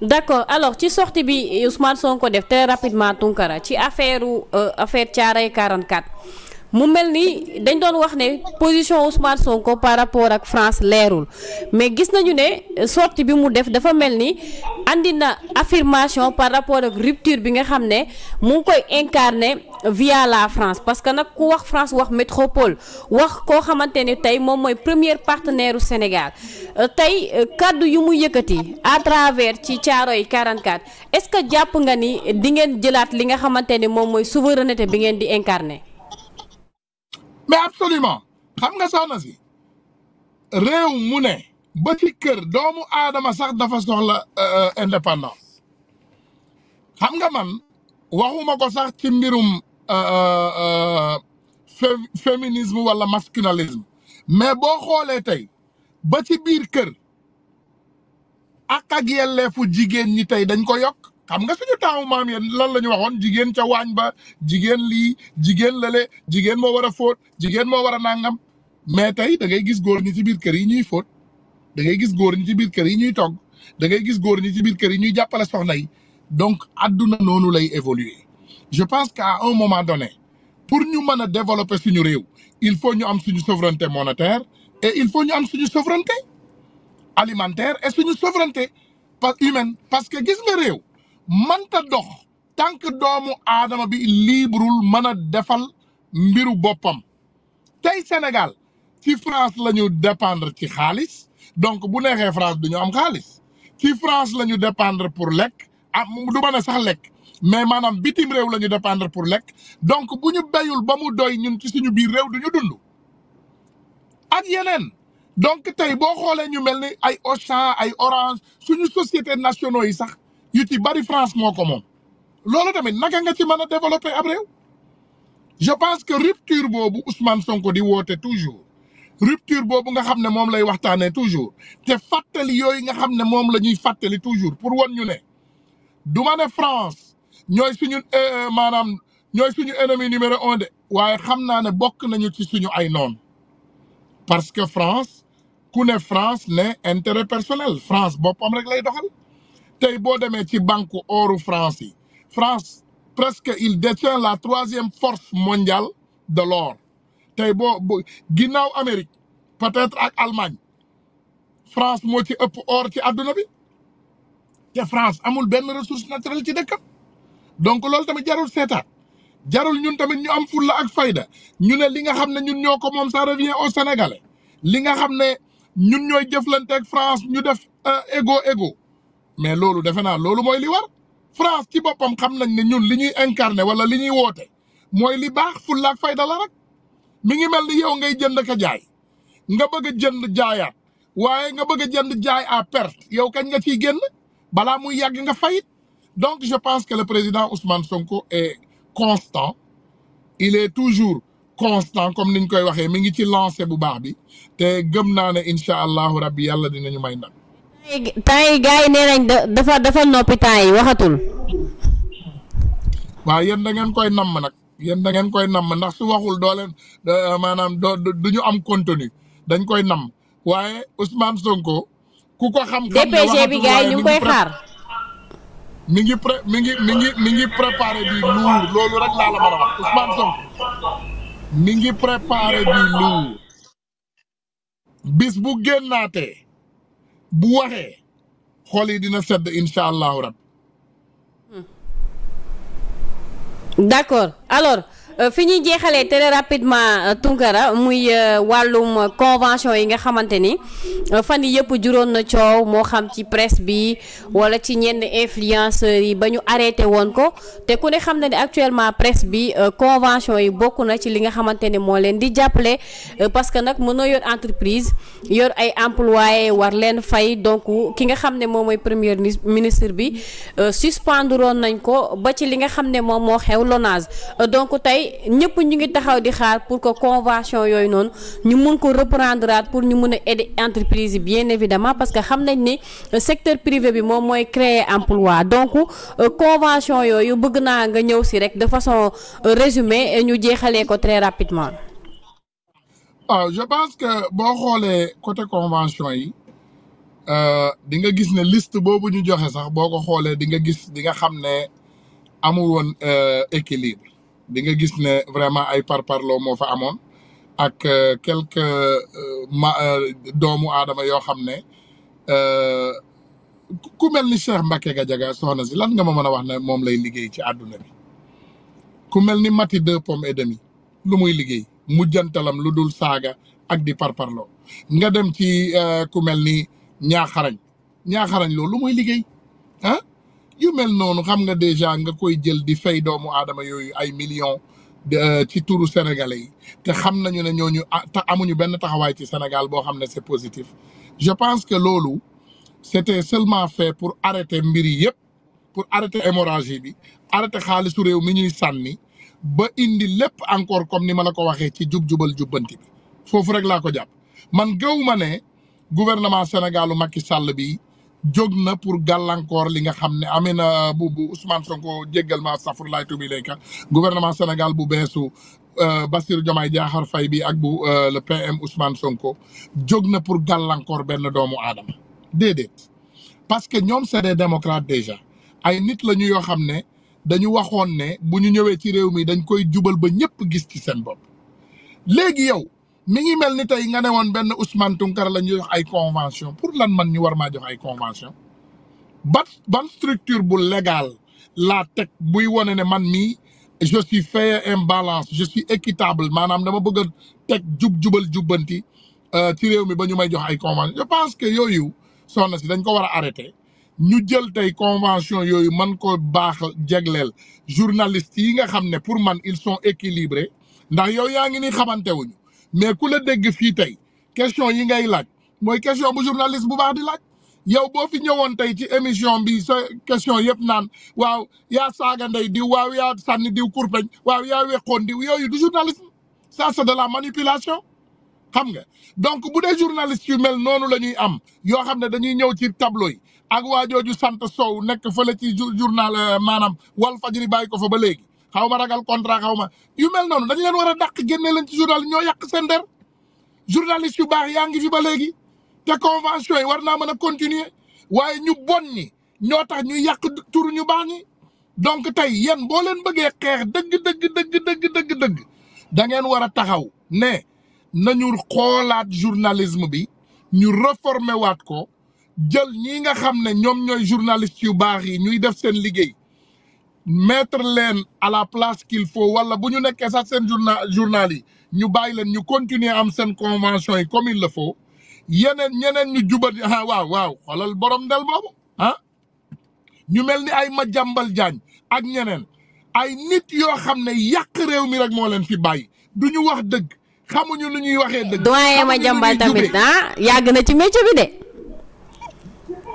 d' accord alors ci sortie bi Ousmane ko def te rapidement Tunkara ci affaire euh, affaire Thiaroye 44. mu mel ni dañ doon wax ne position Ousmane Sonko par rapport ak France leerul mais gis nañu ne sortie bi mu def dafa mel ni andi na affirmation par rapport ak rupture bi nga xam ne mu ngi koy incarner via la France parce que nag ku wax France wax métropole wax koo xamante ne tey moom mooy premier partenaire Sénégal euh, tey euh, kàddu yu mu yëkkati à travers ci Thiaroye 44 est-ce que jàpp nga ni di ngeen jëlaat li nga xamante ne moom mooy souveraineté bi ngeen di incarner. mais absolument xam nga soxna si réew mu ne ba ci kër doomu aadama sax dafa soxla euh, indépendance xam nga man waxuma ko sax ci mbirum euh, euh, féminisme wala masculinisme mais boo xoolee tey ba ci biir kër ak ak yelleefu jigéen ñi tey dañ ko yokk xam nga suñu taamu maam yéen lan la ñu waxoon jigéen ca waañ ba jigéen lii jigéen lale jigéen moo war a fóot jigéen moo war a nàngam mais tey da ngay gis góor ñi ci biir kër yi ñuy fóot da ngay gis góor ñi ci biir kër yi ñuy togg dangay gis góor ñi ci biir kër yi ñuy jàppale soxna yi donc àdduna noonu lay évoluer je pense à un moment donné pour ñu mën a développer suñu réew il faut ñu am suñu souveraineté monétaire et il faut ñu am suñu souveraineté alimentaire et suñu souveraineté humaine parce que gis nga réew mënta dox tànk doomu aadama bi liibrul mën a defal mbiru boppam tey Sénégal ci France la ñu dépendre ci xaalis donc bu neexee France du ñu am xaalis ci France la ñu dépendre pour lekk ah du ma ne sax lekk mais maanaam bitim réew la ñu dépendre pour lekk donc bu ñu béyul ba mu doy ñun ci suñu biir réew du ñu dund at yeneen donc tey boo xoolee ñu mel ni ay Auchan ay Orange suñu société nationaux yi sax yu ci bari France moo ko moom loolu tamit naka nga ci mën a développer ab réew je pense que rupture boobu Ousmane Sonko di woote toujours rupture boobu nga xam ne moom lay waxtaanee toujours te fàttali yooyu nga xam ne moom la ñuy fàttali toujours pour wan ñu ne du ma ne France ñooy suñu euh, euh, maanaam ñooy suñu ennemi numéro un de waaye xam naa ne bokk nañu ci suñu ay noon parce que France ku ne France ne intérêt personnel France boppam rek lay doxal tey boo demee ci banqu oru France France presque il détient la troisième force mondiale de l'or tey boo ginnaaw Amérique peut-être ak Allemagne France moo ci ëpp or ci àdduna bi te France amul benn ressource naturelle ci dëkkam donc loolu tamit jarul seetaat jarul ñun tamit ñu am fulla ak fayda ñu ne li nga xam ne ñun ñoo ko moom ça revient au sénégalais li nga xam ne ñun ñooy jëflanteeg France ñu def euh, égo égo mais loolu defe naa loolu mooy li war France ci boppam xam nañ ne ñun li ñuy incarné wala li ñuy woote mooy li baax fulla ak fayda la rek ngi mel ni yow ngay jënd ka jaay nga bëgg jënd jaayaat waaye nga bëgg jënd jaay à pert yow kañ nga ciy génn balaa muy yàgg nga fayit donc je pense que le président Ousmane Sonko est constant il est toujours constant comme ñu koy waxee mi ngi ci lancé bu baax bi te gëm naa ne incha allahu rabbi yàlla dinañu may nag temps yi gars yi nee nañ dafa noppi temps waxatul. waaw yéen da ngeen koy namm nag yéen da ngeen koy namm ndax su waxul doo leen maanaam doo du ñu am contenu dañ koy namm waaye Ousmane Sonko. ku ko xam xam bi gars ñu koy xaar. mi ngi pré mi ngi mi ngi mi ngi préparé du lourd loolu rek laa la mën a wax Ousmane Sonko mi ngi préparé du lourd bis bu génnaatee. bu waxee xool yi dina sedd incha allahu rabbi. d'accord alors. Euh, fi ñuy jeexalee très rapidement euh, Tunkara muy euh, wàllum convention yi nga xamante ni fan yi yëpp juróon na coow moo xam ci presse bi wala ci ñenn influenceurs yi ba ñu arrêté woon ko te ku ne xam ne ne actuellement presse bi convention yi bokk na ci li nga xamante ne moo leen di jàppale parce que nag mënoo yor entreprise yor ay employé war leen fay donc ki nga xam ne moom mooy premier ministre bi suspendroon nañ ko ba ci li nga xam ne moom moo xew LONASE donc tey ñëpp ñu ngi taxaw di xaar pour que convention yooyu noonu ñu mun ko reprendre pour ñu mën a aider entreprise yi bien évidemment parce que xam nañ ni secteur privé bi moom mooy créer en emploi donc euh, convention yooyu bëgg naa nga ñëw si rek de façon euh, résumé ñu jeexalee ko très rapidement. waaw ah, je pense que boo xoolee côté convention yi euh, di nga gis ne liste boobu ñu joxe sax boo ko xoolee di nga gis di nga xam ne amul woon équilibre. di nga gis ne vraiment ay parparloo moo fa amoon ak euh, quelques euh, ma euh, doomu aadama yoo xam ne ku mel ni Cheikh Mbacke Gadiaga soxna si lan nga ma mën a wax ne moom lay liggéey ci àdduna bi ku mel ni Mati deux pommes et demi lu muy liggéey mujjantalam lu dul saaga ak di parparloo nga dem ci ku mel ni ñaaxarañ ñaaxarañ loolu lu muy liggéey. yu mel noonu xam nga déjà nga koy jël di fay doomu aadama yooyu ay millions euh, ci turu sénégalais yi te xam nañu ne ñooñu ah, te amuñu benn taxawaay ci Sénégal boo xam ne c'est positif je pense que loolu c'était seulement fait pour arrêter mbir yi yëpp pour arrêter hémorragie bi arrêter xaalisu réew mi ñuy sànni ba indi lépp encore comme ni ma la ko waxee ci jub-jubal jubbanti bi foofu rek laa ko jàpp man gëw ma ne gouvernement Sénégalu Macky Sall bi jóg na pour gàllankoor li nga xam ne amee na bu bu Ousmane Sonko jéggal ma safurlaay tubi layka gouvernement Sénégal bu beesu euh, Bassirou Diomaye Diakhar fay bi ak bu euh, le PM Ousmane Sonko jóg na pour gàllankoor benn doomu aadama déedéet parce que ñoom c'est des démocrates déjà ay nit la ñu yoo xam ne dañu waxoon ne bu ñu ñëwee ci réew mi dañ koy jubal ba ñëpp gis ci seen bopp léegi yow mi ngi mel ni tey nga ne woon benn Ousmane Tounkara la ñu jox ay convention pour lan man ñu war maa jox ay convention ban ban structure bu légal laa teg buy wane ne man mii je suis fair et balance je équitable maanaam dama bëgg a teg jub jubal jubbanti euh, ci réew mi ba ñu may jox ay convention je pense que yooyu soxna si dañ ko war a arrêté ñu jël tey convention yooyu man ko baax jegleel journalistes yi nga xam ne pour man ils sont équilibrés ndax yow yaa ngi ni xamante wuñu mais ku la dégg fii tey question yi ngay laaj mooy question bu journaliste bu baax di laaj yow boo fi ñëwoon tey ci émission bi sa question yëpp naan waaw yaa saaga ndey diw waaw yaa sànni diw kurpeñ waaw yaa weqoon diw yooyu du journalisme ça de la manipulation xam nga donc bu dee journaliste yu mel noonu la ñuy am yoo xam ne dañuy ñëw ci tableau yi ak waa jooju sant Sow nekk fële ci journal euh, maanaam Walf Fadjri bàyyi ko fa ba léegi xaw ma ragal contrat xaw ma yu mel noonu dañ leen war a dàq génne leen ci journal ñoo yàq seen der journaliste yu baax yaa ngi fi ba léegi te convention yi war naa mën a continuer waaye ñu bon ñi ñoo tax ñu yàq tur ñu baax ñi donc tey yéen boo leen bëggee xeex dëgg dëgg dëgg dëgg dëgg dëgg da ngeen war a taxaw ne nañu xoolaat journalisme bi ñu réformer waat ko jël ñi nga xam ne ñoom ñooy journaliste yu baax yi ñuy def seen liggéey mettre leen à la place qu'il faut wala bu ñu nekkee sax seen journal journal yi ñu bàyyi leen ñu continuer am seen convention yi comme la le faut yeneen ñeneen ñu jubati ah waaw waaw xoolal borom ndel boobu ah ñu mel ni ay ma jàmbal Diagne ak ñeneen ay nit yoo xam ne yàq réew mi rek moo leen fi bàyyi du ñu wax dëgg xamuñu lu ñuy waxee dëgg. doyen Madiambal tamit ah yàgg na ci métier bi de.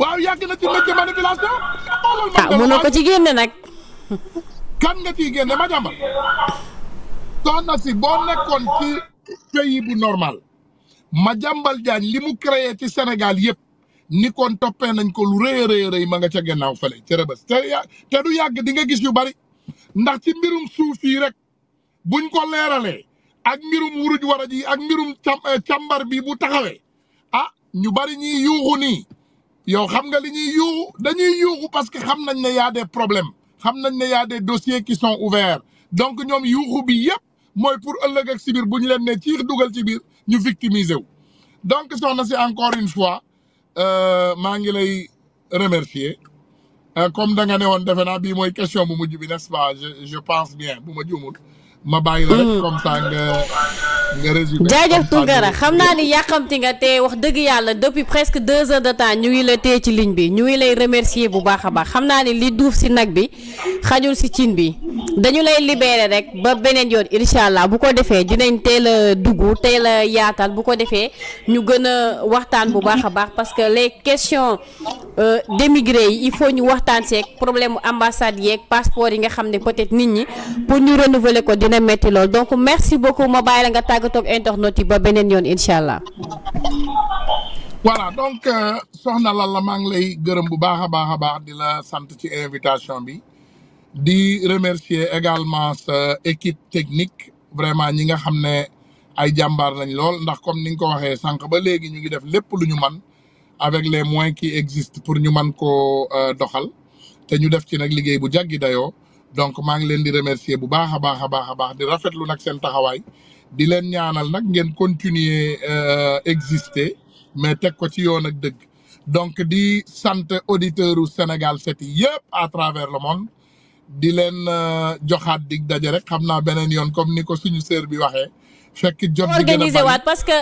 waaw yàgg na ci métier manipulation. ah mënoo ko ci génne nag. kan nga ciy génne ma jàmbal soxna si boo nekkoon ci pays bu normal ma jàmbal jaañ li mu créé ci Sénégal yëpp ni kon toppee nañ ko lu rëy a rëy rëy ma nga ca gannaaw fële ca Rebeuss te du yàgg di nga gis ñu bari ndax ci mbirum suuf yi rek buñ ko leeralee ak mbirum wuruj wara ji ak mbirum eh, càmbar bi bu taxawee a ah, ñu bari ñiy yuuxu nii yow xam nga li ñuy yuuxu dañuy yuuxu parce que xam nañ ne y a des problèmes xam nañ ne y des dossiers qui sont ouverts donc ñoom yuuxu bi yëpp mooy pour ëllëg ak si biir bu ñu leen ne ciix dugal ci biir ñu victimiser wu. donc soxna si encore une fois euh, maa ngi lay remercier euh, comme da nga ne woon defe naa bii mooy question bu mujj bi nest je je pense bien bu ma juumul. ma bàyyi la rek hmm. comme xam naa ni yàqamti nga te wax dëgg yàlla depuis presque deux heures de temps ñu ngi la tey ci ligne bi ñu ngi lay remercier bu baax a baax xam naa ni li duuf si nag bi xajul si cin bi dañu lay libéré rek ba beneen yoon incha allah bu ko defee dinañ teel la dugg tey la yaatal bu ko defee ñu gën a waxtaan bu baax a baax parce que les questions euh, d'émigrés yi il faut ñu waxtaan seeg problème ambassade yeeg passeport yi nga xam ne peut nit ñi pour ñu renouveler dina metti lool donc merci beaucoup ma bàyyi la nga tàggatoog internet yi ba beneen yoon incha allah. voilà donc euh, soxna la maa ngi lay gërëm bu baax a baax a baax di la sant ci invitation bi di remercier également sa équipe technique vraiment ñi nga xam ne ay jàmbaar lañ lool ndax comme ni nga ko waxee sànq ba léegi ñu ngi def lépp lu ñu man avec les moins qui existent pour ñu man koo euh, doxal te ñu def ci nag liggéey bu jàggi dayoo. donc maa ngi leen di remercier bu baax a baax a baax a baax di rafetlu nag seen taxawaay di leen ñaanal nag ngeen continuer euh, exister mais teg ko ci yoon ak dëgg donc di sant auditeurs u Sénégal 7 yëpp à travers le monde di leen euh, joxaat dig daje rek xam naa beneen yoon comme ni ko suñu sœur bi waxee. fekk jot bi organisé waat parce que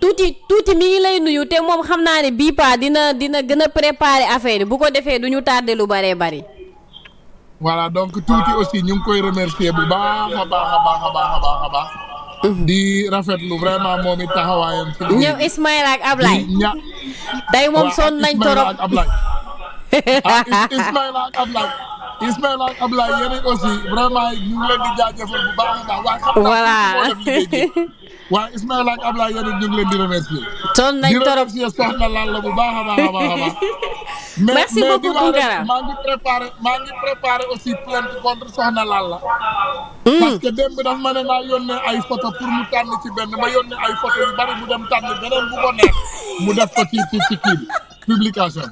tuuti tuuti mi ngi lay nuyu te moom xam naa ne bii paa dina dina gën a préparer affaire yi bu ko defee du ñu tardé lu bëree bëri. voilà donc tuuti aussi ñu ngi koy remercier bu baax a baax a baax a baax a baax a baax. di rafetlu vraiment moom it taxawaayam. ñoom Ismaïla ak ña day moom sonn nañ torop ak Ablaye. ah vraiment ñu ngi leen di jaajëfal bu baax a waaw Ismaïla ak Ablaye yéen ñu ngi leen di remercier. toll nañ torop di remercier soxna Lalla la bu baax a baax a baax a baax. merci beaucoup Tounkara mais maa ngi préparé maa ngi préparé aussi plainte contre soxna Lalla. dafa ma ne maa yónnee ay photo pour mu tànn ci benn ma yónnee ay photo yu bari mu dem tànn beneen bu ko mu def ko ci ci ci kii bi publication